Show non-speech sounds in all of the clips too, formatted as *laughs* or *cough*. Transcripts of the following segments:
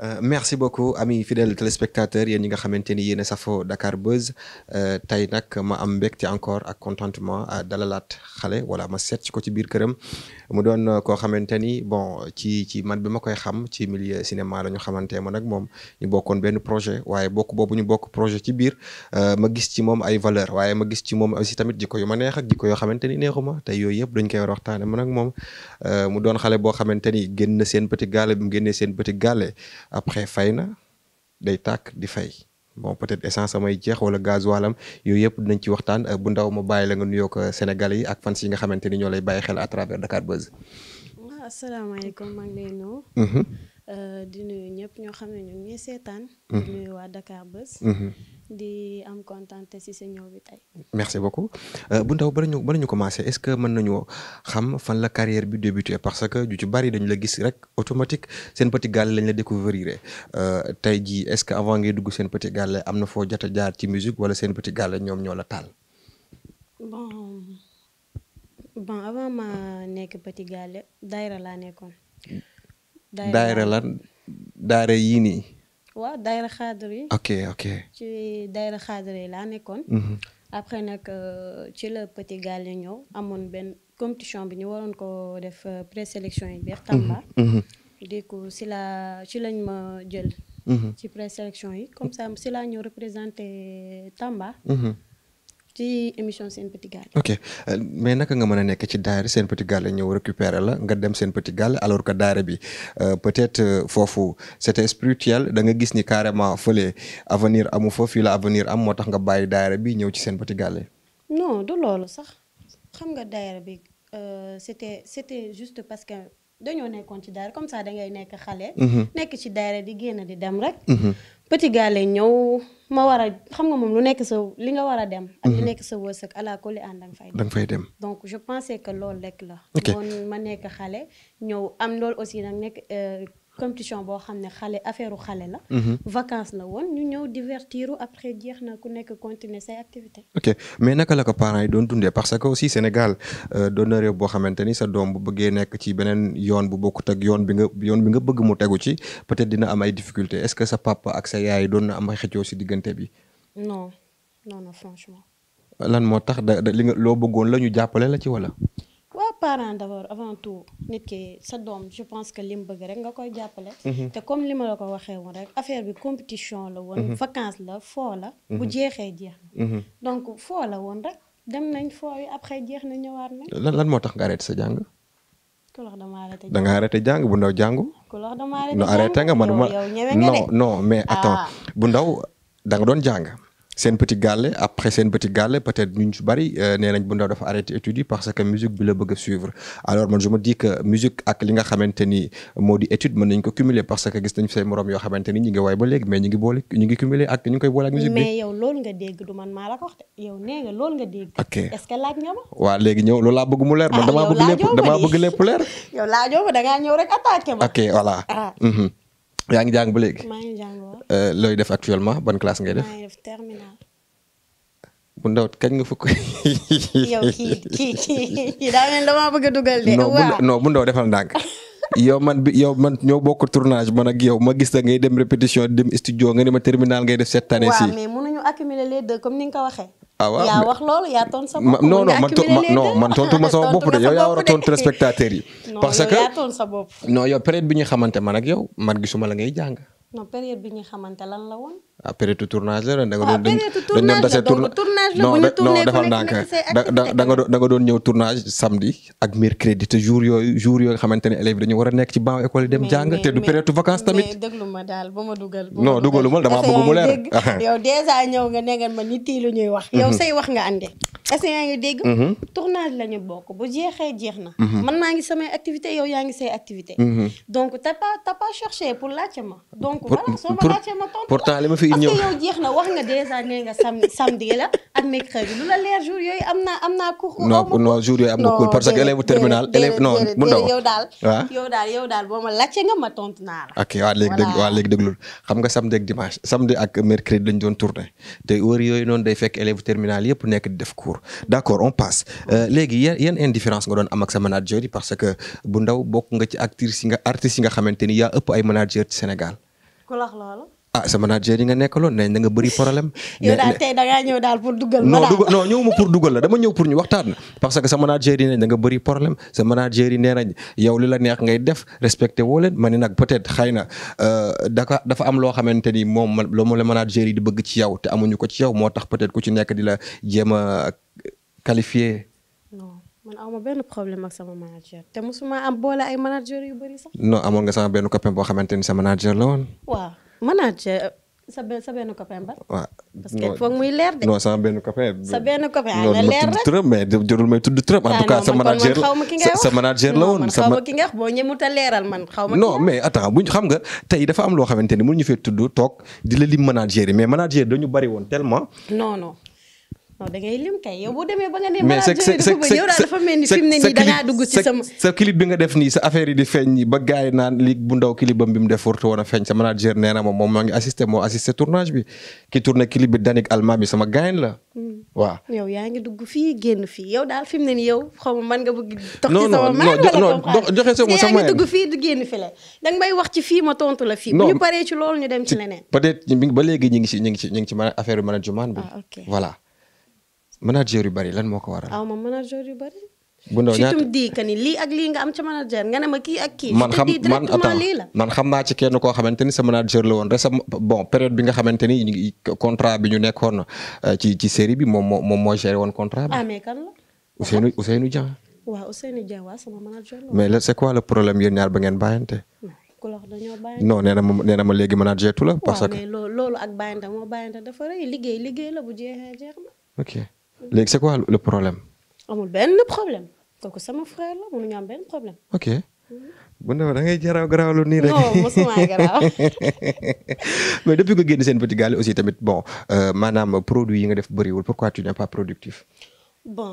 Euh, merci beaucoup amis fidèles téléspectateurs yéen ñi nga xamante ni yéen a safoo Dakar Buzz euh, tey nag ma am mbégte encore ak contentement dalalaat xale wala ma seet ci ko ci biir këram mu doon koo xamante ni bon ci ci man bi ma koy xam ci milieu cinéma la ñu xamante ma nag moom ñu bokkoon benn projet waaye bokk boobu ñu bokk projet ci biir euh, ma gis ci moom ay valeur waaye ma gis ci moom aussi tamit jikko yu ma neex ak jikko yoo xamante ni neexuma tey yooyu yëpp dañ koy war waxtaane man ak moom mu doon xale boo xamante ni génn seen petit gaale bi mu génnee seen petit gaale après fay na day tàkk di fay bon peut-être essence samay jeex wala gasoilam yooyu yëpp dinañ ci waxtaan euh, bu ndaw ma bàyyi la nga nuyoo ko euh, Sénégalais yi ak fans yi nga xamante ni ñoo lay bàyyi xel à travers Dakar Buzz. waaw ah, asalaamaaleykum maa ngi lay nuyu. Mhm. Euh, di nuyu ñëpp ñoo xam ne ñu ngi seetaan. Mhm. di nuyu waa Dakar Buzz. Mhm. di am kontaan si sa ñëw bi tey. merci beaucoup euh, bu ndaw bala ñu bala ñu commencé est-ce que mën nañu xam fan la carrière bi débuté parce que ju ci bari dañu la gis rek automatique seen petit gàll lañ la découvrir euh, tey jii est-ce que avant ngay dugg seen petit gàll am na foo jot a jaar ci musique wala seen petit gàll ñoom ñoo la taal. bon bon avant laa nekkoon. daayra lan daayra waaw daayira xaadar yi. ok ok. ci daayira xaadar yi laa nekkoon. Mm-hmm. après nag euh, ci la Petit Gallé ñëw amoon benn compétition bi ñu waroon ko def euh, présélection yi biir Tamba. Mm-hmm, mm-hmm. du coup si la ci lañ ma jël. ci présélection yi comme ça si laa ñëw représenté Tamba. ci émission Sen Petit Gallé. ok euh, mais nga mën a nekk ci daayira seen Petit Gallé ñëw récupérer la nga dem seen Petit Gallé alors que daayira bi euh, peut-être euh, foofu c'était spirituel da nga gis ni carrément fële avenir amu fa fii la avenir am moo tax nga bàyyi daayira bi ñëw ci Sen Petit Gallé. non du loolu sax xam nga daayira bi c'était c'était juste parce que dañoo nekkoon ci daayira comme ça da ngay nekk xale. Mhm. nekk ci daayira di génn di dem rek. Mhm. Petit Gallé ñëw ma war a xam nga moom lu nekk sa li nga war a dem. ak li mhm. nekk sa wërsëg ala kulli ànd danga fay dem. danga fay dem donc je pensais que loolu rek la. ok ma nekk xale ñëw am loolu aussi nag neke euh, compétition boo xam ne xale affaire u xale la. Mhm. vacances la woon ñu ñëw divertiru après jeex na ku nekk continuer say activité ok mais naka la ko parents yi doon dundee parce que aussi Sénégal euh, doon na boo xamante ni sa doom bu bëggee nekk ci beneen yoon bu bokkut ak yoon bi nga yoon bi nga bëgg mu tegu ci peut-être dina am ay difficultés est-ce que sa papa ak sa yaay doon na am ay xëccoo si diggante bi. non non non franchement. lan moo tax da li loo bëggoon la ñu jàppale la ci wala. parent d'abord avant tout nit ki sa doom je pense que li mu bëgg rek nga koy jàppale. Mhm. te comme li ma la ko waxe woon rek affaire bi compétition la woon. Mhm. vacance la foo la. bu mhm. jeexee jeex na. donc foo la woon rek dem nañ foo yi après jeex na ñëwaat nañ. lan lan moo tax nga arrêté sa jàng. ku lox dama arrêté jàng da nga arrêté jàng bu ndaw jàngu. ku lox dama arrêté jàng non arrêté nga man ma non mais ah. attends bu ndaw da nga doon jàng. seen petit gàlle après seen petit gàlle peut-être ñu ci bëri euh, bu ndaw dafa arrêté études parce que musique bi la bëgg a suivre alors man je me dis ak li nga xamante ni moo di étude mën nañ ko cumuler parce que gis nañ say morom yoo xamante ni ñi ngi waay ba léegi mais ñi cumuler ak ñu koy boole ak mais yow loolu nga dégg du man maa la ko wax de yow nee nga loolu ok est waaw léegi ñëw loolu laa bëgg mu leer man ah, damaa bëgg lépp damaa bëgg lépp leer *laughs* yow laajoo yaa ngi jàng ba léegi. maa ngi jàng euh, looy def actuellement ban classe ngay def. maa ngi def ndaw kañ nga fukk. *laughs* yow kii no kii daa mel dama ndaw defal ndànk. *laughs* yow man bi yow man ñoo bokk tournage man ak yow ma gis la ngay dem répétition dem studio nga ne ma terminal ngay def cette année ci. waaw mais mënuñu accumuler les deux comme ni nga ko Ah, waaw yaa wax loolu yaa tontu sa bopp. non non man non man tontu ma sama bopp de yow yaa war a tontu spectateurs yi. *laughs* parce que yaa tontu sa bopp. non yow période bi ñu xamante man ak yow man gisuma la ngay jàng. xamante lan la ah période tournage la da nga oh, doon. dañ doon dase tournage non non defal ndànk da da a ma daal ba ma dugal. non dugalu ma damaa bëgg mu leer. bokk bu jeexee jeex mhm. man maa ngi samay activité yow yaa ngi say activité mhm. donc t'as pas pour laajte ma. donc voilà soo ma laajte ma tontu pourtant li ma fi fii ñëw parce na jour yooyu am naa am naa cours. non jour am na cours parce que élève terminal élève non mu ndaw yow daal waaw daal yow daal ma laajte nga ma tontu naa ak ok waaw léegi dégg waaw léegi xam nga samedi ak dimanche samedi ak mercredi lañ doon tourné te heure yooyu noonu day fekk élève terminal yëpp nekk di def cours d'accord on passe euh, léegi yan yan indifférence nga doon am ak sa manager yi parce que bu ndaw bokk nga ci actrice yi nga artistes yi nga xamante ni yaa ëpp ay manager ci Sénégal. ku lax ah sa manager yi nga nekkaloon ne na nga bëri problème. *laughs* yow daal tey da ngaa ñëw daal pour dugal. ma la dama ñëw pour ñu waxtaan. parce que sa manager yi ne na bari bëri problème sa manager yi nee rek yow li la neex ngay def respecté woo ma ne nag peut-être xëy na euh, dafa dafa am loo xamante ni moom loo moom la manager yi di bëgg ci yow te amuñu ko ci yow moo tax peut-être ku ci nekk di la jéem a qualifié. non man awma benn problème ak sama manager te mosuma am boole ay manager yu bëri amoon nga sama benn copain boo xamante ni sa manager la woon. mën naa cee eh, sa benn sa benn copain ba. parce que foog muy leer de. non sama benn copain. sa benn copain na leer rek tudd mais jarul may tudd trop. en ah, tout cas sa manager la sa manager la woon. man xaw ma ki nga wax boo ñemut leeral man. xaw ma non mais xam nga tey dafa am loo xamante ni mënuñu fee tudd toog di la lim manager yi mais manager dañu bari woon tellement. non non. non da ngay lim kay yow boo demee ba nga ne. mais c' est dafa mel ni ne nii da dugg ci sama. sa clip bi nga def nii sa affaire yi di feeñ nii ba gars yi naan ligue bu ndaw clip bam bi mu def warut a moom moom maa ngi assisté moo assisté tournage bi ki tourné clip bi Danik Alma bi gaañ la. Hmm. waaw yow yaa ngi dugg fii génn fii yow daal fi mu ne nii yow xaw ma mën nga bëgg. tox ci sama maa ngi wala non non joxe sama sama yaa ngi génn fii la da nga ci fii ma tontu la fii. bu ñu paree ci loolu ñu dem ci leneen. peut être ba ngi ci ñu ngi ci ñu ngi ci affaire management bi. Ah, voilà manager yu bari lan moo ko waral. aw ma manager ni lii ak lii nga am ca manager nga ne ma kii ak kii. man xam man attends man xam naa ci kenn koo xamante ni sa manager la woon rek sa bon période bi nga xamante ni contrat bi ñu nekkoon euh, ci ci série bi moom moo moom moo géré woon contrat bi. ah mais kan la. Ousseynou Ousseynou Dia. waaw Ousseynou Dia mais la c'est quoi le problème yéen ñaar ba ngeen bàyyante. non nee na ma nee na ma léegi manager tu la. parce que waaw loolu ak bàyyante moo bàyyante dafa rëy liggéey la bu jeexee jeex na. léegi c'est quoi le problème. amul benn problème kooku sama frère la mënuñu am benn problème. ok bu mm-hmm. ndaw da ngay jaraaw nii rek. *laughs* mais depuis génn seen petit gàll tamit bon euh, maanaam produit yi nga def bëriwul pourquoi tu n'es pas productif. bon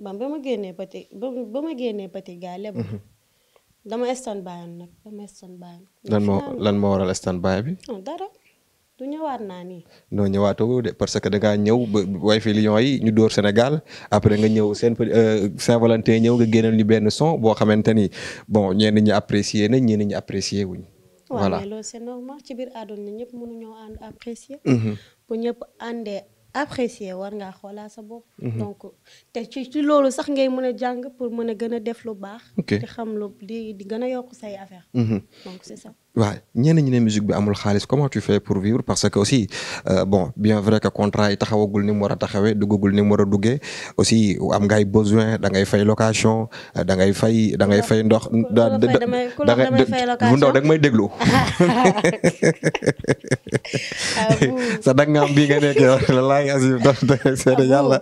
ba ma génnee petit ba ma génnee petit gàll. Mm-hmm. dama stand by lan moo lan moo waral stand bi. du ñëwaat naa nii. non ñëwaatoo de parce que da ngaa ñëw ba way fi Lions yi ñu door Sénégal après nga ñëw seen euh, Saint-Valentin ñëw nga génneel ni benn son boo xamante ni bon ñeen ñu apprécier nañ ñenn ñi apprécier wuñ. voilà waaw loolu c'est normal ci biir àdduna ñëpp mënuñoo ànd apprécier. Mm-hmm. bu ñëpp àndee apprécier war ngaa xoolaa sa bopp. Mm-hmm. donc te ci ci loolu sax ngay mën a jàng pour mën a gën a def lu baax. te xam lu di di gën a yokk say affaire. Mm-hmm. donc waaw ñenn ñi ne musique bi amul xaalis comment tu fais pour vivre parce que aussi euh, bon bien vrai que contrat yi taxawagul ni mu war a taxawee duggagul ni mu war a duggee aussi am ngay besoin da ngay fay location euh, da ngay fay da ngay fay ndox. da ngay fay bu ndaw da nga may déglu. *laughs* *laughs* sa dag nga am bii nga nekk yow la laay asib seede yàlla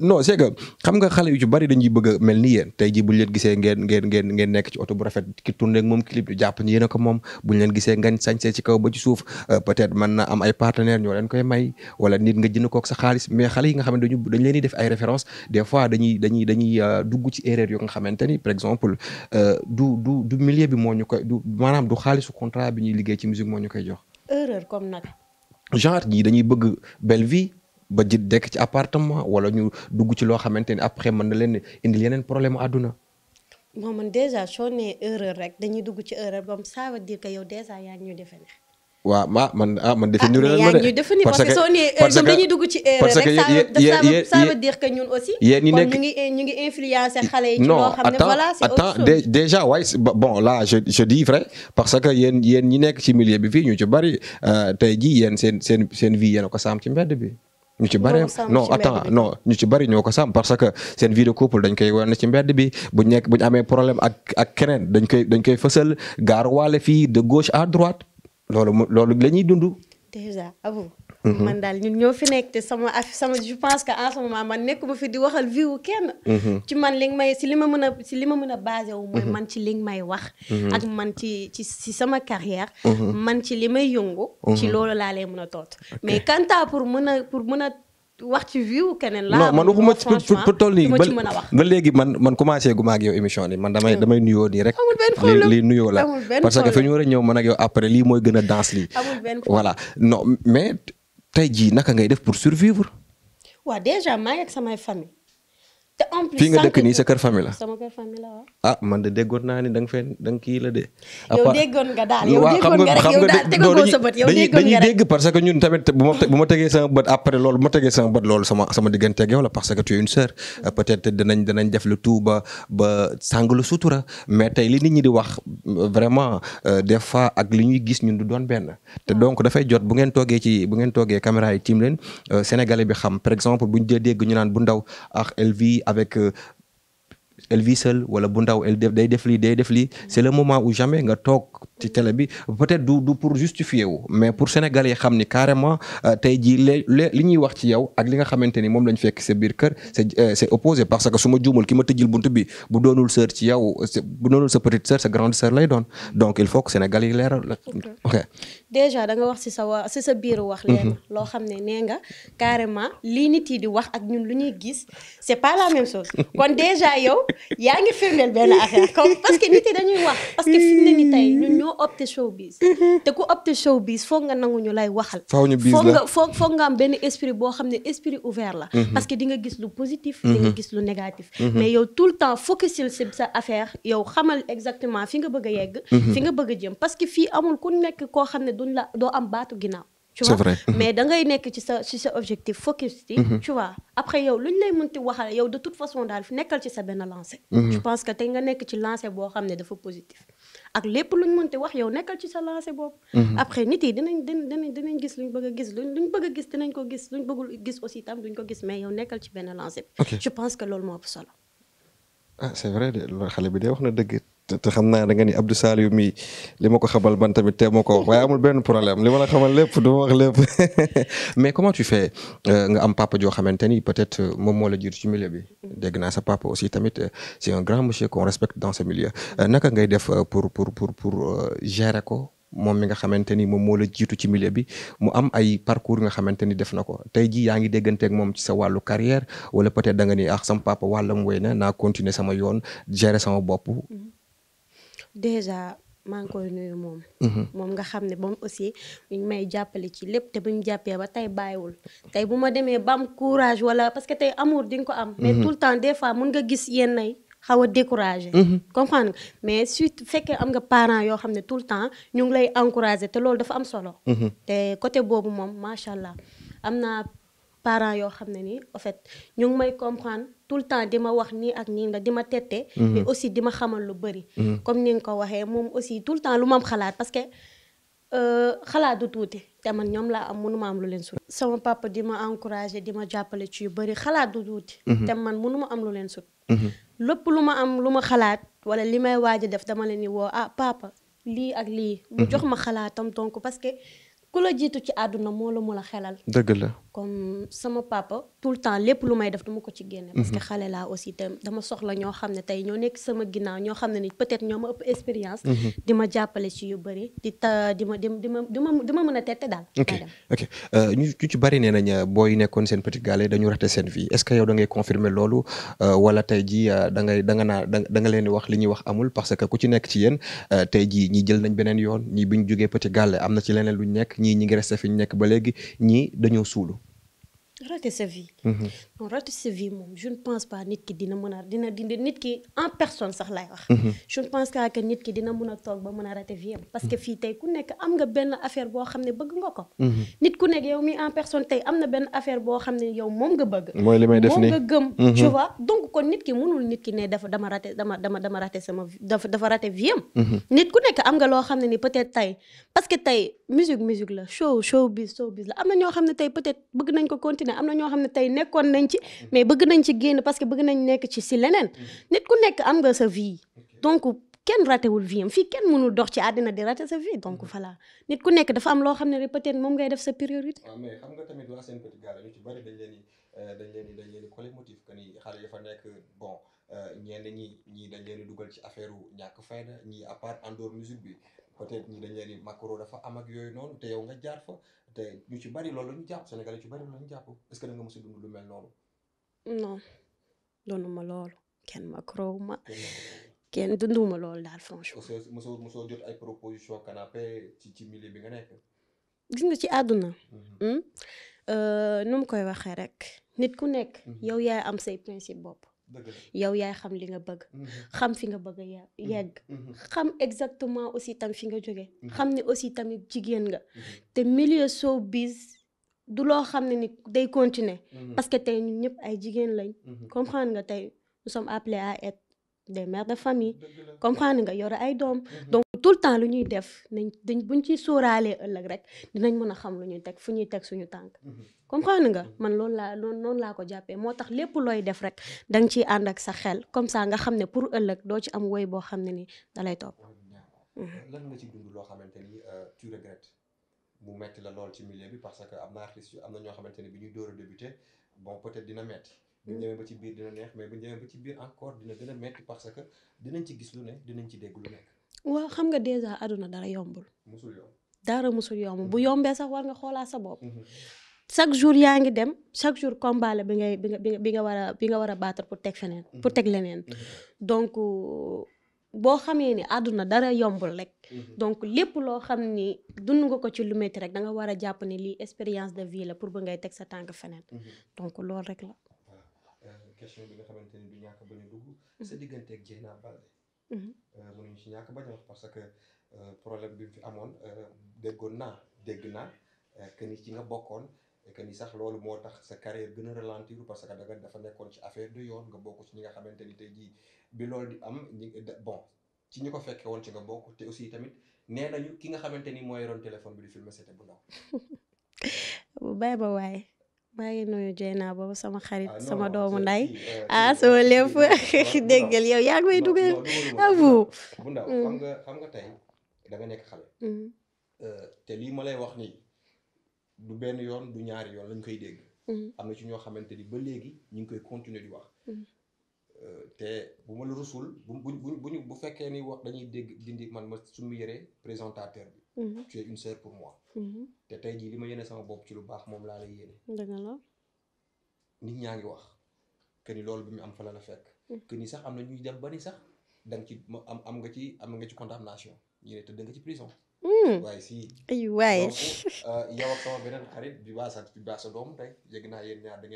non c'est que xam nga xale yu ci bari dañuy bëgg a mel ni yéen tey jii buñ leen gisee ngeen ngeen ngeen ngeen nekk ci oto bu rafet ki moom clip ñu jàpp ni yéen ko moom. buñ leen gisee nga sañsee ci kaw ba ci suuf euh, peut-être na am ay partenaires ñoo leen koy may wala nit nga jënd kook sa xaalis mais xale yi nga xam ne dañu dañ leen di def ay références des fois dañuy dañuy dañuy euh, dugg ci erreur yoo nga xamante ni par exemple euh, du du du milieu bi moo ñu koy du maanaam du xaalisu contrat bi ñuy liggéey ci musique moo ñu koy jox. erreur comme nag. genre ñii dañuy bëgg belle vie. ba ji dekk ci appartement wala ñu dugg ci loo xamante ni après mën na leen indil yeneen problème àdduna moom man dèjà soo nee erreur rek dañuy dugg ci erreur bam ça veut dire que yow dèjà yaa ngi ñuy defe ne waaw ma man ah, man ah, defe niru yaa ñuy defe ni parce que soo nee erreur dañuy dugg ci erreur rek ça veut dire que ñun aussi yéen ñi nekk ñu ngi ñu ngi influencé xale yi ci loo xam ne voilà c'est attends dèjà waay bon la je je dis vrai parce que yéen yéen ñi nekk ci milieu bi fii ñu ci bari euh, te jii yéen seen seen seen vie yéen a ko saam ci mbedd bi ñu ci bare non attends non ñu ci bari ñoo ko sàmm parce que seen vie de dañ koy wane ci mbedd bi buñ amee problème ak ak dañ koy dañ koy waale fii de gauche à droite loolu loolu la ñuy Mm-hmm. man daal ñun ñoo fi nekk te sama sama je pense que en ce moment man nekkuma fi di waxal vie kenn. Mm-hmm. ci man li may si li ma mën a si li ma mën a basé wu. mooy mm-hmm. man ci li nga may wax. ak man ci ci si sama carrière. man ci li may yëngu. ci loolu laa lay mën a toot mais quant à pour mën a pour mën a wax ci vie wu keneen. laa man waxuma ci pour toll nii ba léegi man man commencé gu ma ak yow émission bi man damay damay nuyoo nii rek. amul lii nuyoo la parce que fi ñu a ñëw man ak yow après lii mooy gën a danse lii. tey jii naka ngay def pour survivre. waaw déjà maa ngi ak samay famille te en nga dëkk nii sa kër famille la. sama kër ah man de déggoon naa ni dang nga fee da kii la de. yow déggoon nga daal yow déggoon nga rek yow daal tegagoo sa bët parce que ñun tamit bu ma bu ma tegee sama bët après loolu bu ma tegee sama bët loolu sama sama diggante ak yow la parce que tu es une sœur. peut danañ danañ def le tout ba ba sàngalu sutura mais tey li nit ñi di wax vraiment euh, def fois ak li ñuy gis ñun du doon benn. te donc dafay jot bu ngeen toogee ci bu ngeen toogee caméra yi tiim leen euh, sénégalais bi xam par exemple buñ dee dégg ñu naan bu ndaw ah, avec euh, Elvis seul wala bu ndaw el def day def lii day def lii c'est le moment où jamais nga toog ci télé bi peut-être du pour justifier wu mais pour Sénégal yi xam ni carrément euh, tey jii le li ñuy wax ci yow ak li nga xamante ni moom lañ fekk sa biir kër c'est euh, c'est opposé parce que suma ma juumal ki ma tëjil bunt bi bu doonul sœur ci yow bu doonul sa petite sœur sa grande sœur lay doon donc il faut que Sénégal déjà da nga wax ci sa sa biiru wax leen mhm. loo xam ne nee nga carrément lii nit yi di wax ak ñun lu ñuy gis c'est pas la même chose *laughs* kon déjà yow yaa ngi firndeel benn affaire comme parce que nit yi dañuy wax parce que fi mu ne nii tey ñun ñoo opté showbiz mhm. te ku opté showbiz foog nga foog nga foog foog nga am boo xam ne esprit ouvert la mhm. parce que di nga gis lu positif di gis lu négatif mais yow tout le temps focus ci sa affaire yow xamal exactement fi nga bëgg yegg fi nga bëgg jëm parce que fii amul ku nekk koo xam ne duñ la doo am baatu ginnaaw. tu vois *laughs* mais da ngay nekk ci sa ci sa objectif focus ci. Mm-hmm. tu vois après yow lu ñu lay mënti waxal yow de toute façon daal fi nekkal ci sa benn lancé. Mm-hmm. je pense que tey nga nekk ci lancé boo xam ne dafa positif. ak lépp lu mun mënti wax yow nekkal ci sa lancé boo mm-hmm. après nit yi dinañ dinañ dinañ gis luñ bëgg a gis luñ bëgg a gis dinañ ko gis luñ bëggul gis aussi tam duñ ko gis mais yow nekkal ci benn lancé. je pense que loolu moo ëpp solo. ah c'est wax na dëgg te xam naa da nga ni Abdou Saliou mi li ma ko xabal ban tamit te ma ko wax waaye amul benn problème li a xamal lépp du wax lépp *laughs* mais comment tu fais euh, nga am papa joo xamante ni peut-être euh, moom moo la jiitu ci milieu bi dégg naa sa papa aussi tamit euh, c'est un monsieur qu'on respecte dans ce milieu naka ngay def pour pour pour pour gérer ko moom mi nga xamante ni moom moo la jiitu ci milieu bi mu am ay parcours nga xamante ni def na ko tey jii yaa ngi dégganteeg moom ci sa wàllu carrière wala peut-être da nga ni ah sama papa wàllam wéy na naa continuer sama yoon gérer sama bopp mm-hmm. déjà maa ngi koy nuyu moom. Mhm. moom nga xam ne moom aussi mi ngi may jàppale ci lépp te bu ñu jàppee ba tey bàyyiwul. tey bu ma demee ba am courage wala parce que tey amour di nga ko am. Mhm. mais tout temps des fois mun nga gis yenn ay xaw a découragé. Mhm. comprendre nga mais surtout fekkee am nga parent yoo xam ne tout le temps ñu ngi lay encouragé te loolu dafa am solo. te côté boobu moom macha allah am naa parents yoo xam ne ni en fait ñu ngi may comprendre. tout temps di ma wax nii ak nii la di ma tette. Mhm. mais aussi di ma xamal lu bëri. Mhm. comme ni nga ko waxee moom aussi tout le temps lu ma am xalaat parce que euh, xalaat du tuuti te man ñoom laa am mënuma am lu leen sut. sama papa di ma encouragé di ma jàppale ci yu bëri xalaat du tuuti. Mhm. te man mënuma am lu leen sut. lépp lu ma am lu ma xalaat wala li may waaj def dama leen di woo ah papa lii ak lii. mu jox ma xalaatam donc parce que ku la jiitu ci àdduna moo la mu la xelal. dëgg la. comme sama papa tout le temps lépp lu may def duma ko ci génne. parce que mhm. xale laa aussi te dama soxla ñoo xam ne tey ñoo nekk sama ginnaaw ñoo xam ne ni peut-être ñoo ma ëpp expérience. Mhm. ma jàppale ci yu bëri di ta di ma di ma ma di mën a tette daal. Euh, ñu ci bëri nee nañ euh, booy nekkoon seen petit gallé dañu raté seen vie est-ce que yow da ngay confirmer loolu euh, wala tey jii da ngay da nga naa da nga leen di wax li ñuy wax amul parce que ku ci nekk ci yéen tey jii ñi jël nañ beneen yoon ñi bi ñu jógee petit gallé am na ci leneen lu ñu nekk ñii ñi ngi resté fi ñu nekk ba léegi ñii dañoo suulu arrêtez sa vie Mm-hmm. donc ratisse civile moom je ne pense pas nit ki dina mën a dina dindi nit ki sax lay wax. Mm-hmm. pense pas que nit ki dina mën a toog ba mën a rate vie parce que mm-hmm. fii tey ku nekk am nga benn affaire boo xam ne bëgg nga ko. nit ku nekk yow en personne tey am na benn affaire boo xam ne yow moom nga bëgg. mooy kon nit ki mënul nit ki ne dafa dama rate dama dama dama rate sama dafa dafa rate vie nit ku nekk am nga loo xam ne ni peut-être tey parce que tey musique musique la show show biz la am na ñoo xam ne tey ko continuer am na ñoo xam ne tey nekkoon nañ ci mais bëgg nañ ci génn parce que bëgg nañ nekk ci si leneen nit ku nekk am nga sa vie donc kenn ratewul vie am fii kenn mënul dox ci àddina di raté sa vie donc mm-hmm. voilà nit ku nekk dafa am loo xam ne peut-être moom ngay def sa priorité. waaw xam nga tamit waa Sen Petit Gallé ñu ci bari dañ leen di euh, dañ leen di dañ leen di collectif que ni euh, ñenn ñi ñii dañ leen di dugal ci affaire ñàkk fayda ñii ñi part en dehors bi. peut-être ñi dañ leen ni macro dafa am yooyu noonu te yow nga jaar fa te ñu ci bari loolu ñu jàpp Sénégal yu ci bari loolu la ñu jàpp est-ce que da nga mos a lu mel noonu. non doonuma loolu kenn macro ma kenn dunduma loolu daal franchement. mosoo mosoo mosoo jot ay proposition canapé ci ci milieu bi nga nekk. gis nga ci àdduna. Mhm. Hmm? Euh, nu mu koy waxee rek. nit ku nekk. Mhm. yow yaay am say principe bopp. yow yaay xam li nga bëgg. Mhm. xam fi nga bëgg a mhm. yegg. Mhm. xam exactement aussi tam fi nga jóge xam ne aussi tamit jigéen nga. te milieu showbiz du loo xam ne ni day continuer. parce que tey ñun ñëpp ay jigéen lañ. comprendre nga tey nous sommes appelés à être. de mères de famille comprendre nga yore ay doom mhm. donc tout le temps lu ñuy def nañ dañ buñ ci sóoraalee ëllëg rek dinañ mën a xam lu ñuy teg fu ñuy teg suñu tànk mhm. comprendre nga mhm. man loolu laa loolu noonu laa ko jàppee moo tax lépp looy def rek da nga ciy ànd ak sa xel comme ça nga xam ne pour ëllëg doo ci am woy boo xam ne ni da lay topp lan nga ci dund loo xamante ni euh, tu mu metti la lool ci milieu bi parce que am na artiste am na ñoo xamante ni bi ñuy door a débuté bon peut dina metti bu ñu demee ba ci biir dina neex mais bu ñu demee ba ci biir encore dina gën a metti parce que dinañ ci gis lu ne dinañ ci dégg lu nekk. waaw xam nga dèjà àdduna dara yombul. musul yomb dara musul yomb mm-hmm. bu yombee sax war nga xoolaat sa bopp. Mm-hmm. chaque jour yaa ngi dem chaque jour combat la bi ngay bi nga bi nga war a bi nga war a battre pour teg feneen. Mm-hmm. pour teg leneen. donc euh, boo xamee ni àdduna dara yombul rek. donc lépp loo xam ni dund nga ko ci lu métti rek da nga war a jàpp ne lii expérience de vie la pour ba ngay teg sa tànk feneen. donc loolu rek la. question bi nga xamante ni du ñàkk ba ñu dugg. Mm-hmm. sa digganteeg Dieyna Baldé. Mm-hmm. Euh, mënuñu si ñàkk ba a parce que euh, problème bi mu fi amoon euh, déggoon naa dégg naa que ni ci nga bokkoon que sax loolu moo tax sa carrière gën a ralentir parce que danga dafa nekkoon ci affaire de yoon nga bokk ci ñi nga xamante ni tey jii bi loolu di am ñi bon ci ñu ko fekkee woon ci nga bokk te aussi tamit nee nañu ki nga xamante ni moo yoroon téléphone bi di filmer c'était bu ndaw. *laughs* bàyyi maa ngi nuyu Dieyna boobu sama xarit ah, sama doomu nday euh, ah sama lépp *laughs* déggal yow yaa ngi may dugal bu ndaw mm. da nga nekk mm. euh, te lii ma lay wax nii du benn yoon du ñaari yoon lañ koy dégg mm. am na ci ñoo xamante ni ba léegi ñu ngi koy continuer di wax te bu ma la rusul bu bu bu bu fekkee ni wax dañuy dégg dindi man ma suñu yëre présentateur bi. Mhm. tu es une sœur pour moi. Mhm. te tey jii li ma yéene sama bopp ci lu baax moom laa lay yéene. dëgg nit ñaa ngi wax que ni loolu bi mu am fa la fekk. Mhm. que ni sax am na ñuy dem ba ni sax da nga ci am am nga ci am nga ci condamnation ñu te da nga ci prison. waaye hmm. sii. ay waay donc yow ak beneen xarit bi baax sa bi baax sa doom rek yëg naa yéen ñaar da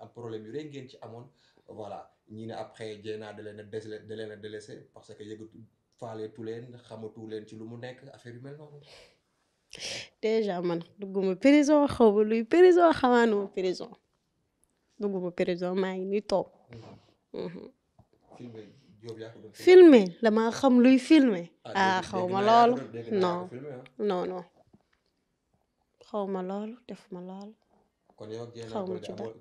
am problème yu rëy ngeen ci amoon voilà ñi ne après jéenaa da leen a des da leen parce que yëgatu faaleetu leen xamatu leen ci lu mu nekk affaire yu mel noonu. déjà man dugguma prison xaw ma luy prison xamaanuma prison dugguma prison maa ngi nii toog. Mm-hmm. Mm-hmm. filmer damaa xam luy filmer a ah, ah, xaw ma lool non ah. non non xaw ma loolu def ma loolu xaw ma ci dara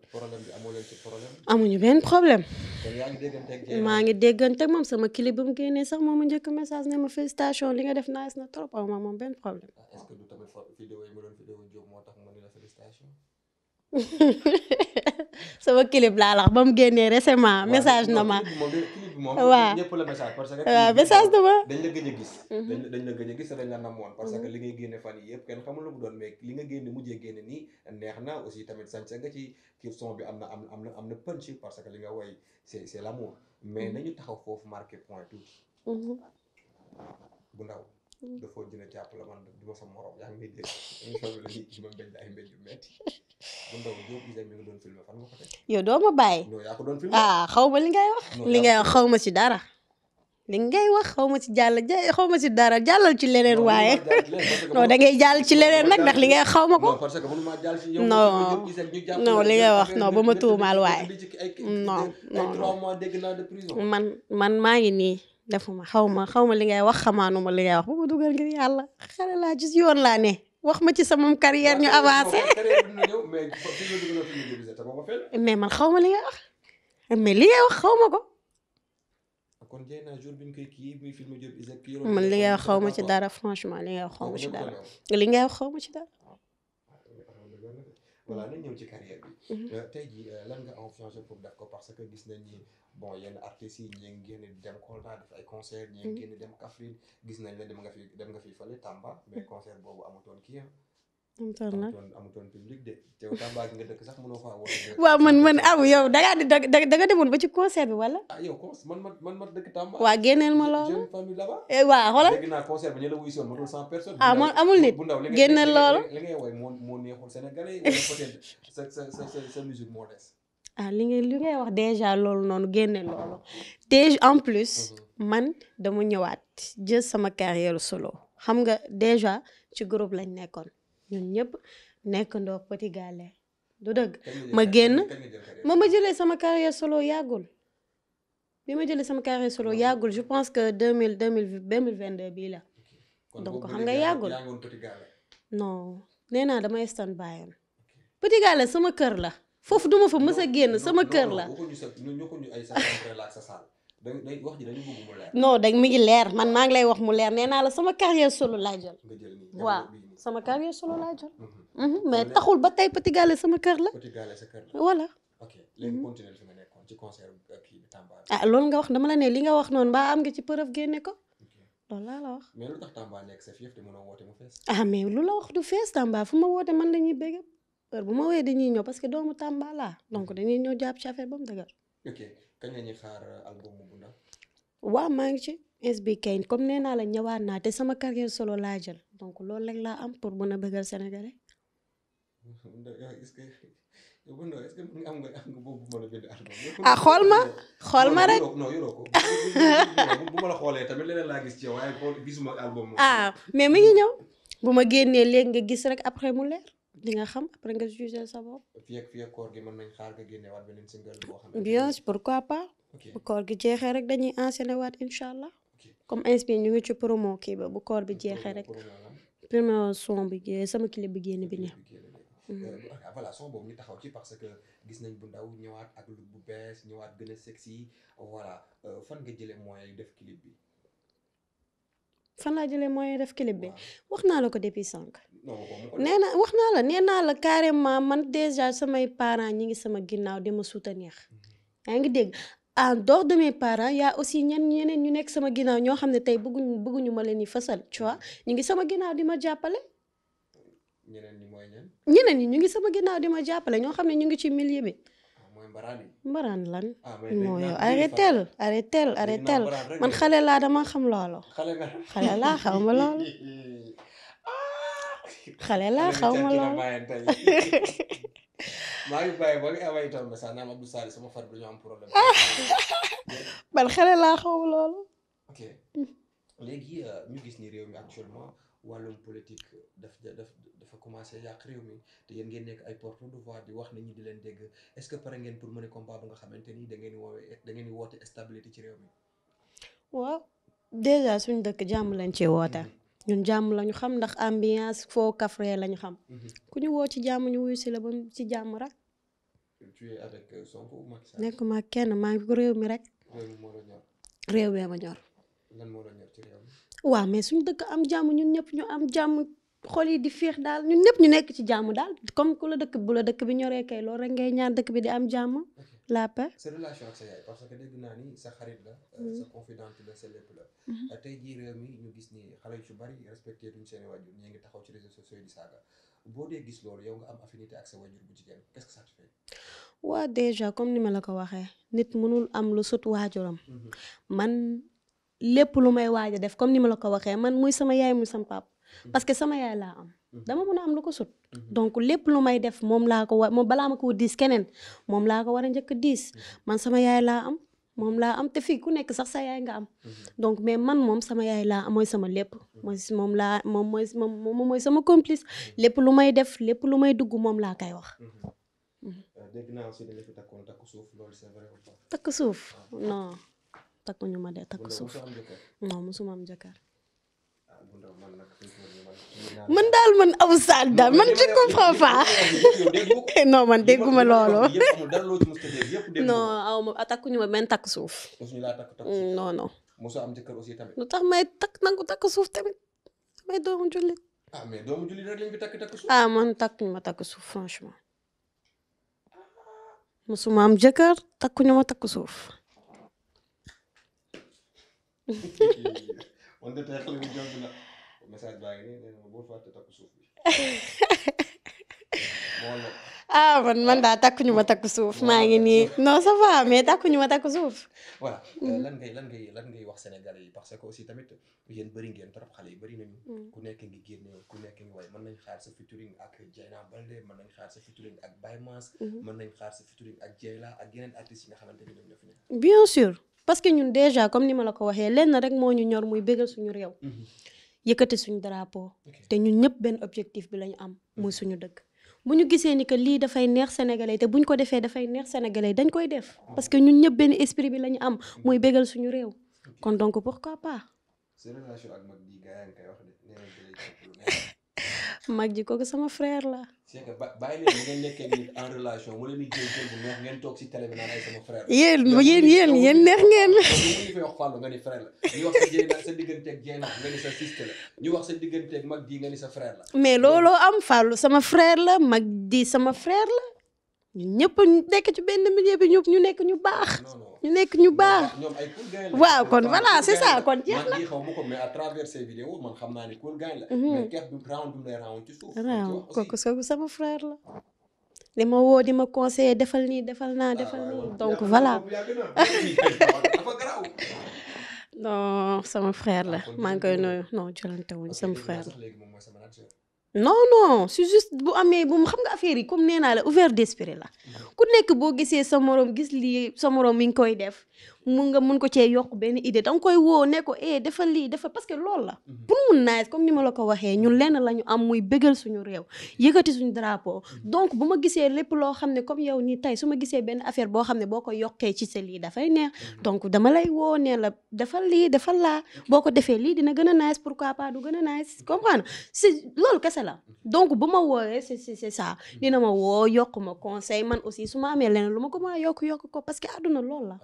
amuñu benn problème maa ngi déggante moom sama clip ba mu génnee sax moom ma njëkk message ne ma félicitation li nga def nice na trop aw ma moom benn problème *laughs* sama clip laa la wax ba mu génnee récemment message na ma moom ñëpp la message parce que waaw message dama dañ la gëj a gis dañ mhm. dañ la a gis te dañ la namoon parce que mhm. li ngay génne fan yi yëpp kenn xamul lu mu doon mais li nga génne mujjee génne nii neex na aussi tamit sañse ga ci ci son bi am na am am na am na punch parce que li nga woy c'est c'est l'amour mais mhm. nañu taxaw foofu marqué point tuuti bu ndaw dafoo dina jàpp la man du ma sa morom yaa ngi may dégg émission bi la ñuy ay mbéj yu metti yow doo ma bàyyi. non ah, xaw ma li ngay wax. li ngay wax xaw ma ci dara. li ngay wax xaw ma ci jàll xaw ma ci dara jàllal ci leneen waaye. non da jàll ci leneen nag ndax li ngay xaw ma ko. non parce li ngay wax non ba ma tuumaal waaye. non man man maa ngi nii. defuma xaw ma xaw ma li ngay wax xamaanuma li ngay wax ba ma dugal ngir yàlla xale laa ci yoon laa ne. wax ma ci sama carrière ñu avancé. mais man xaw ma li nga wax mais li xaw ma ko. kon jey naa jour bi ñu koy kii muy film Diop Isaac man li ngay xaw ma ci dara franchement li ngay wax xaw ma ci dara li ngay xaw ma ci dara. voilà nañ ñëw ci carrière bi. Mhm. Euh, tey jii euh, lan nga influencé pour def ko parce que gis nañ ni. bon yenn artistes yi ñi génn dem Kolda def ay concert ñi mhm. génn dem Kaffrine gis nañ la dem nga fi dem nga fi fële Tamba mais mhm. concert boobu amutoon kii ah. amutoon nag amutoon public de te Tamba gi nga man man aw yow da ngaa nga demoon ba ci concert wala ah yow man man man ma dëkk Tamba waaw génneel ma loolu jeune famille là-bas eh, waaw xoolal dégg naa moo des ah li ngay li ngay wax déjà loolu noonu génne loolu déjà en plus mhm. man dama ñëwaat jël sama carrière solo xam nga déjà ci groupe lañ nekkoon ñun ñëpp nekkandoo Petit Gallé du dëgg ma génn ma ma jëlee sama carrière solo yàggul bi ma jëlee sama carrière solo yàggul je pense que deux mille deux mille vingt deux bii la donc xam nga yàggul non nee naa damay stand bàyyoon Petit sama kër la foofu duma fa mës a génn sama kër la no dañ mi ngi leer man maa ngi lay wax mu leer nee naa la sama carrière solo laa jël waa sama carrière solo laa jël mhm. Mhm, mais taxul ba tey Petit Gallé sama kër la voilà mhm. euh, ah loolu nga wax dama la ne li nga wax noonu mbaa am nga ci preuve génne ko loolu laa la wax mais lu tax Tamba nekk sa fief te mën a woote mu fees ah mais lu la wax du fees Tamba fu ma woote man la ñuy bégg heure bu ma wooyee dañuy ñëw parce que doomu Tamba donc hmm. dañuy ñëw jàpp ci affaire ba mu dëgër. ok kañ la ñuy xaar euh, album maa ngi ci SB Kane comme nee naa la ñëwaat naa te sama carrière solo laa jël donc loolu rek laa am pour mën a bëggal Sénégalais. bu ma la ah, xool ma xool ma rek *laughs* xoolee tamit leneen laa gis ci waaye gisuma album. ah mais mi ngi ñëw bu ma génnee léegi nga gis rek après mu leer. li nga xam après nga jugé sa bopp. fii ak koor gi mën nañ xaar nga génne waat beneen single boo xam ne. bien pourquoi pas. bu koor gi jeexee rek dañuy enchaîner waat incha allah. comme inspi ñu ngi ci promo kii ba bu koor bi jeexee rek. premier son bi eh, sama clip bi génn bi ne. Mm. Euh, voilà son boobu ñu taxaw ci parce que gis nañ bu ndaw ñëwaat ak lu bu bees ñëwaat gën a sexy voilà euh, fan nga jëlee moyens yi def clip bi. fan laa jëlee moyen def clip bi wax naa la ko depuis sànq. nee na wax naa la nee naa la carrément man déjà samay parent ñi ngi sama ginnaaw di ma soutenir. Mm-hmm. yaa ngi dégg en dox de mes yaa aussi ñen ñeneen ñu nekk sama ginnaaw ñoo xam ne tey bëgguñu bëgguñu ma leen di fësal tu vois ñu ngi sama ginnaaw di ma jàppale. ñeneen ñi mooy ñeneen ñi ñu ngi sama ginnaaw di ma jàppale ñoo xam ne ñu ngi ci milieu bi. mbaraan lan moo yow arrêtel arrêtel arrêtel man xale laa dama xam loolu *laughs* xale laa xaw ma loolu *laughs* ah! xale laa xaw *laughs* xale laa xaw loolu. Mm. Euh, mi commencé yàq réew mi te déjà suñu dëkk jàmm lañ ci woote. Mhm. ñun jàmm lañu xam ndax ambiance foo kafree lañu xam. Mhm. ku ñu woo ci jàmm ñu wuyu si la ba ci jàmm rek. tu es avec euh, Sonko kenn maa ngi réew mi rek. réew mi moo la ñor. lan moo waaw mais suñu dëkk am jàmm ñun ñëpp ñu am jàmm xool yi di fiix daal ñun ñëpp ñu nekk ci jàmm daal comme ku la dëkk bu la dëkk bi ñoree kay loolu rek ngay ñaan dëkk bi di am jàmm la paix. sa relation ak sa yaay parce que dégg naa ni sa xarit la. Euh, mm-hmm. sa la mm-hmm. euh, tey jii réew ñu gis ni xale yu ci bari respecté duñ seen wajur ngi taxaw ci réseaux sociaux di boo dee gis loolu yow nga am affinité ak sa wajur bu jigéen quest waa déjà comme ni ma la ko waxee nit mënul am lu sut waajuram. Mm-hmm. man lépp lu may waaj a def comme ni ma la ko waxee man muy sama yaay muy sama pap Mm-hmm. parce que sama yaay laa am mm-hmm. dama mën a am lu ko sut mm-hmm. donc lépp lu may def moom laa ko war moom balaa ma ko diis keneen moom laa ko war a njëkk diis man sama yaay laa am moom laa am te fii ku nekk sax sa yaay nga am donc mais man moom sama yaay laa am mooy sama lépp mooy moom laa moom mooy moom mooy sama complice lépp lu may def lépp lu may dugg moom laa koy wax euh, dégg naa loolu c'est vrai takku suuf ah. non ma de suuf non musuma am jëkkër man daal man Abou Sané man je comprends pas *laughs* non man dégguma loolu non aw ma ah, takkuñu ma benn takk suuf mm, non non lu tax may takk takk suuf tamit may doomu jullit ah mais doomu jullit rek lañ takk ah, ma takk suuf franchement am jëkkër takkuñu ma takk suuf *laughs* message baa ngi nii nee na ma bul fàtte takku suuf *laughs* ah, ma takku suuf maa ngi nii non ça va mais takkuñu ma takku suuf. voilà mm. euh, lan ngay lan ngay lan ngay wax Sénégalais yi parce que aussi tamit yéen bëri ngeen trop xale yi bëri nañu. Mm. ku nekk ngi génne ku nekk ngi way mën nañ xaar sa featuring ak Dieyna Baldé mën nañ xaar sa featuring ak baay Mass. Mm-hmm. mën nañ xaar sa featuring ak Dieyla ak yeneen artistes yi nga xamante ne ñoom ñoo fi nekk. bien sûr parce que ñun déjà comme ni ma la ko waxee lenn rek moo ñu ñor muy bégal suñu réew. Mm-hmm. yëkkati suñu drapeau te ñun ñëpp benn objectif bi lañu am mooy hmm. suñu dëkk bu ñu gisee ni que lii dafay neex sénégalais te buñ ko defee dafay neex sénégalais dañ koy def hmm. parce que ñun ñëpp benn esprit bi la ñu am hmm. muy bégal suñu réew kon donc pourquoi pas mag ji kooku sama frère la. c'est que bàyyi leen ngeen nekkee nit en relation mu leen di jël si télé bi naan ay sama frère. yéen yéen yéen neex ngeen. *laughs* ñu ngi wax Fallou nga ni frère la ñu wax sa Dieyna sa digganteeg Dieyna nga ni sa sister la ñu wax sa digganteeg mag ji nga ni sa frère la. mais looloo am Fallou sama frère la mag ji sama frère la. ñun ñëpp nekk ci benn milieu bi ñu ñu nekk ñu baax. ñu nekk ñu baax. waaw kon voilà c'est ça kon jeex na. man xaw ko mais mhm. sama frère la. li ma woo di ma conseiller defal nii defal naa defal nii donc voilà. non sama frère la ah, maa ngi koy nuyu non jolante wuñ sama frère la. non non c'est juste bu amee bu xam nga affaire yi comme nee naa la ouvert d'esprit la ku nekk boo gisee sa moroom gis lii sa mi ngi koy def mun nga mun ko cee yokk benn idée danga koy woo ne ko eh lii dafa parce que loolu la. Mhm. pour mu nice comme ni ma la ko waxee ñun lenn la ñu am muy bégal suñu réew yëkkati suñu drapeau mhm. donc bu ma gisee lépp loo xam ne comme yow nii tey su ma gisee benn affaire boo xam ne boo ko yokkee ci sa lii dafay neex mhm. donc dama lay woo ne la dafa lii dafa laa boo ko defee lii dina gën a nice pourquoi pas du gën a nice comprendre si loolu kese la donc bu ma woowee c'est c'est ça dina ma woo yokk ma conseil man aussi su ma amee leneen lu ma ko mën a yokk yokk ko parce que àdduna loolu la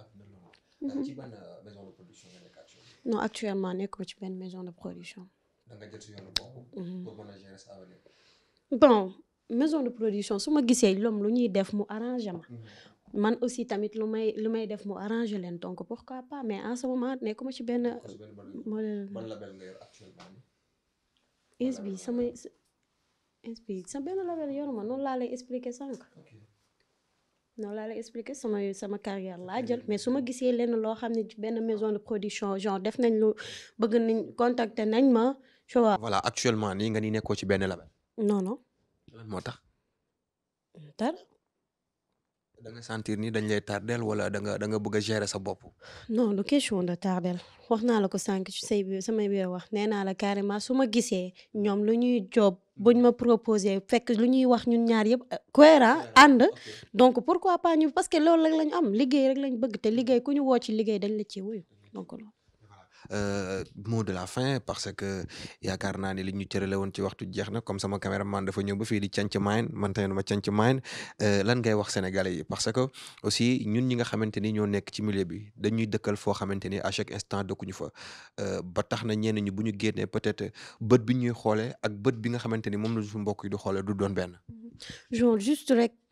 Mhm. ci ban actuellement. Uh, non actuellement ci benn maison de production. E mhm. bon maison de production su ma gisee lom lu ñuy def mu arrangé ma. Mhm. man aussi tamit lu may lu may def mu arrangé leen donc pourquoi pas mais en ce moment nekkuma ci benn. ban label sa benn label yoruma noonu laa lay expliquer sànq. noonu laa la expliqué sama sama carrière laa jël mm-hmm. mais su ma gisee lenn loo xam ne benn maison de production genre def nañ lu bëgg nañ contacter nañ ma tu vois. voilà actuellement nii nga ni nekkoo ci benn label. non non. lan moo tax. da nga sentir nii dañ lay tardel wala danga nga da nga bëgg a gérer sa bopp. non du question de tardel wax naa la ko sànq ci say bi sama biir wax nee naa la carrément su ma gisee ñoom lu ñuy job buñ ma proposé fekk lu ñuy wax ñun ñaar yëpp euh, cohérent ànd donc pourquoi pas parce que loolu rek lañu am liggéey rek lañ bëgg te liggéey ku ñu woo ci liggéey dañ la ci wuyu donc Euh, mot de la fin parce que yaakaar naa ne li ñu cërale woon ci waxtu jeex na comme sama caméraman dafa ñëw ba fii di canc mayen man tamit ma canc mayen lan ngay wax sénégalais yi parce que aussi ñun ñi nga xamante ni ñoo nekk ci milieu bi dañuy dëkkal foo xamante ni à chaque instant dëkkuñu fa euh, ba tax na ñenn ñi bu ñu génnee peut-être bët bi ñuy xoolee ak bët bi nga xamante ni moom la suñu mbokk yi di xoolee du doon benn.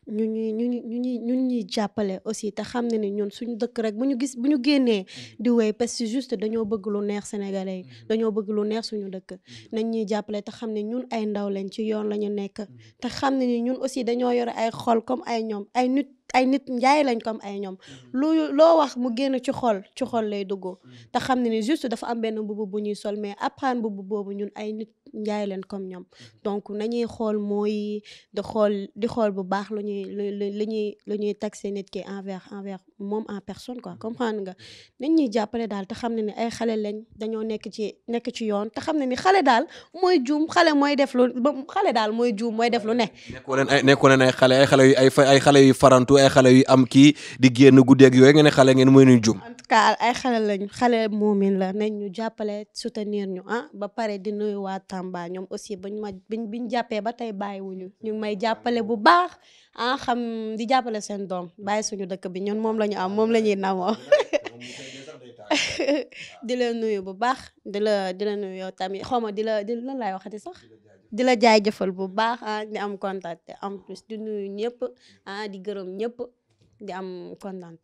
ñu ñuy ñu ñu ñuy ñu ñuy jàppale aussi te xam ne ni ñun suñu dëkk rek bu ñu gis bu ñu génnee mm-hmm. di wéy parce que juste dañoo bëgg lu neex sénégalais yi mm-hmm. dañoo bëgg lu neex suñu dëkk mm-hmm. nañ ñuy jàppale te xam ne ñun ay ndaw lañ ci yoon la ñu nekk te xam ne ni ñun aussi dañoo yore ay xool comme ay ñoom ay nit ay nit njaay lañ comme ay ñoom lu loo wax mu génn ci xool ci xool lay dugg te xam ne ni juste dafa am benn mbubb bu ñuy sol mais après mbubb boobu ñun ay nit jaay leen comme ñoom mm-hmm. donc nañuy xool mooy di xool di xool bu baax lu ñuy lu ñuy lu ñuy taxé nit ki envers envers moom en personne quoi comprendre nga mm-hmm. nañ ñuy jàppale daal te xam ne ni ay xale lañ dañoo nekk ci nekk ci yoon te xam ne ni xale daal mooy juum xale mooy def lu xale daal mooy juum mooy def lu ne nekkoo leen ay nekkoo leen ay xale ay xale yu ay ay xale yu farantu ay xale yu am kii di génn guddeeg yooyu ngeen ne xale ngeen mooy nuy juum en tout ay xale lañ xale moomin la nañ ñu soutenir ñu ah ba pare di nuyuwaat baa ñoom aussi bañ ma biñ biñ jàppee ba tey bàyyiwuñu ñu ngi may jàppale bu baax ah xam di jàppale seen doom bàyyi suñu dëkk bi ñun moom lañu am moom la ñuy namoo *laughs* di la nuyu bu baax di la di la nuyu yow tamit xaw ma di la di lan laay waxati sax di la jaajëfal bu baax ah di am contact en plus di nuyu ñëpp ah di gërëm ñëpp di am kontaan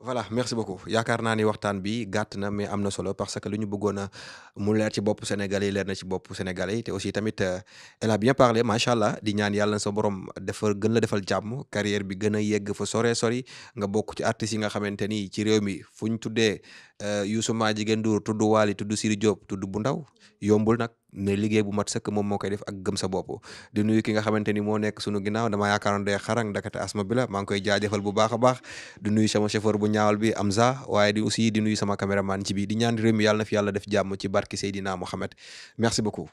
voilà merci beaucoup yaakaar naa ni waxtaan bi gàtt na mais am na solo parce que lu ñu bëggoon a mu leer ci bopp Sénégalais yi leer na ci bopp Sénégalais te aussi tamit euh, elle a bien le macha allah di ñaan yàlla na sa borom defar gën la defal jàmm carrière bi gën a yegg fa sore sori nga bokk ci artistes yi nga xamante ni ci réew mi fu ñu tuddee euh, Youssou Madjiguène Ndour tudd Wally tudd Siri Diop tudd bu ndaw yombul nag. ne liggéey bu mat sëkk moom moo koy def ak gëm sa bopp di nuyu ki nga xamante ni moo nekk sunu ginnaaw dama yaakaaroon day xarang dakate asma bi la ngi koy jaajëfal bu baax a baax di nuyu sama chauffeur bu ñaawal bi Amza waaye di aussi di nuyu sama caméraman ci bi di ñaan réew mi yàlla na fi yàlla def jàmm ci barki Seydina Mohamed merci beaucoup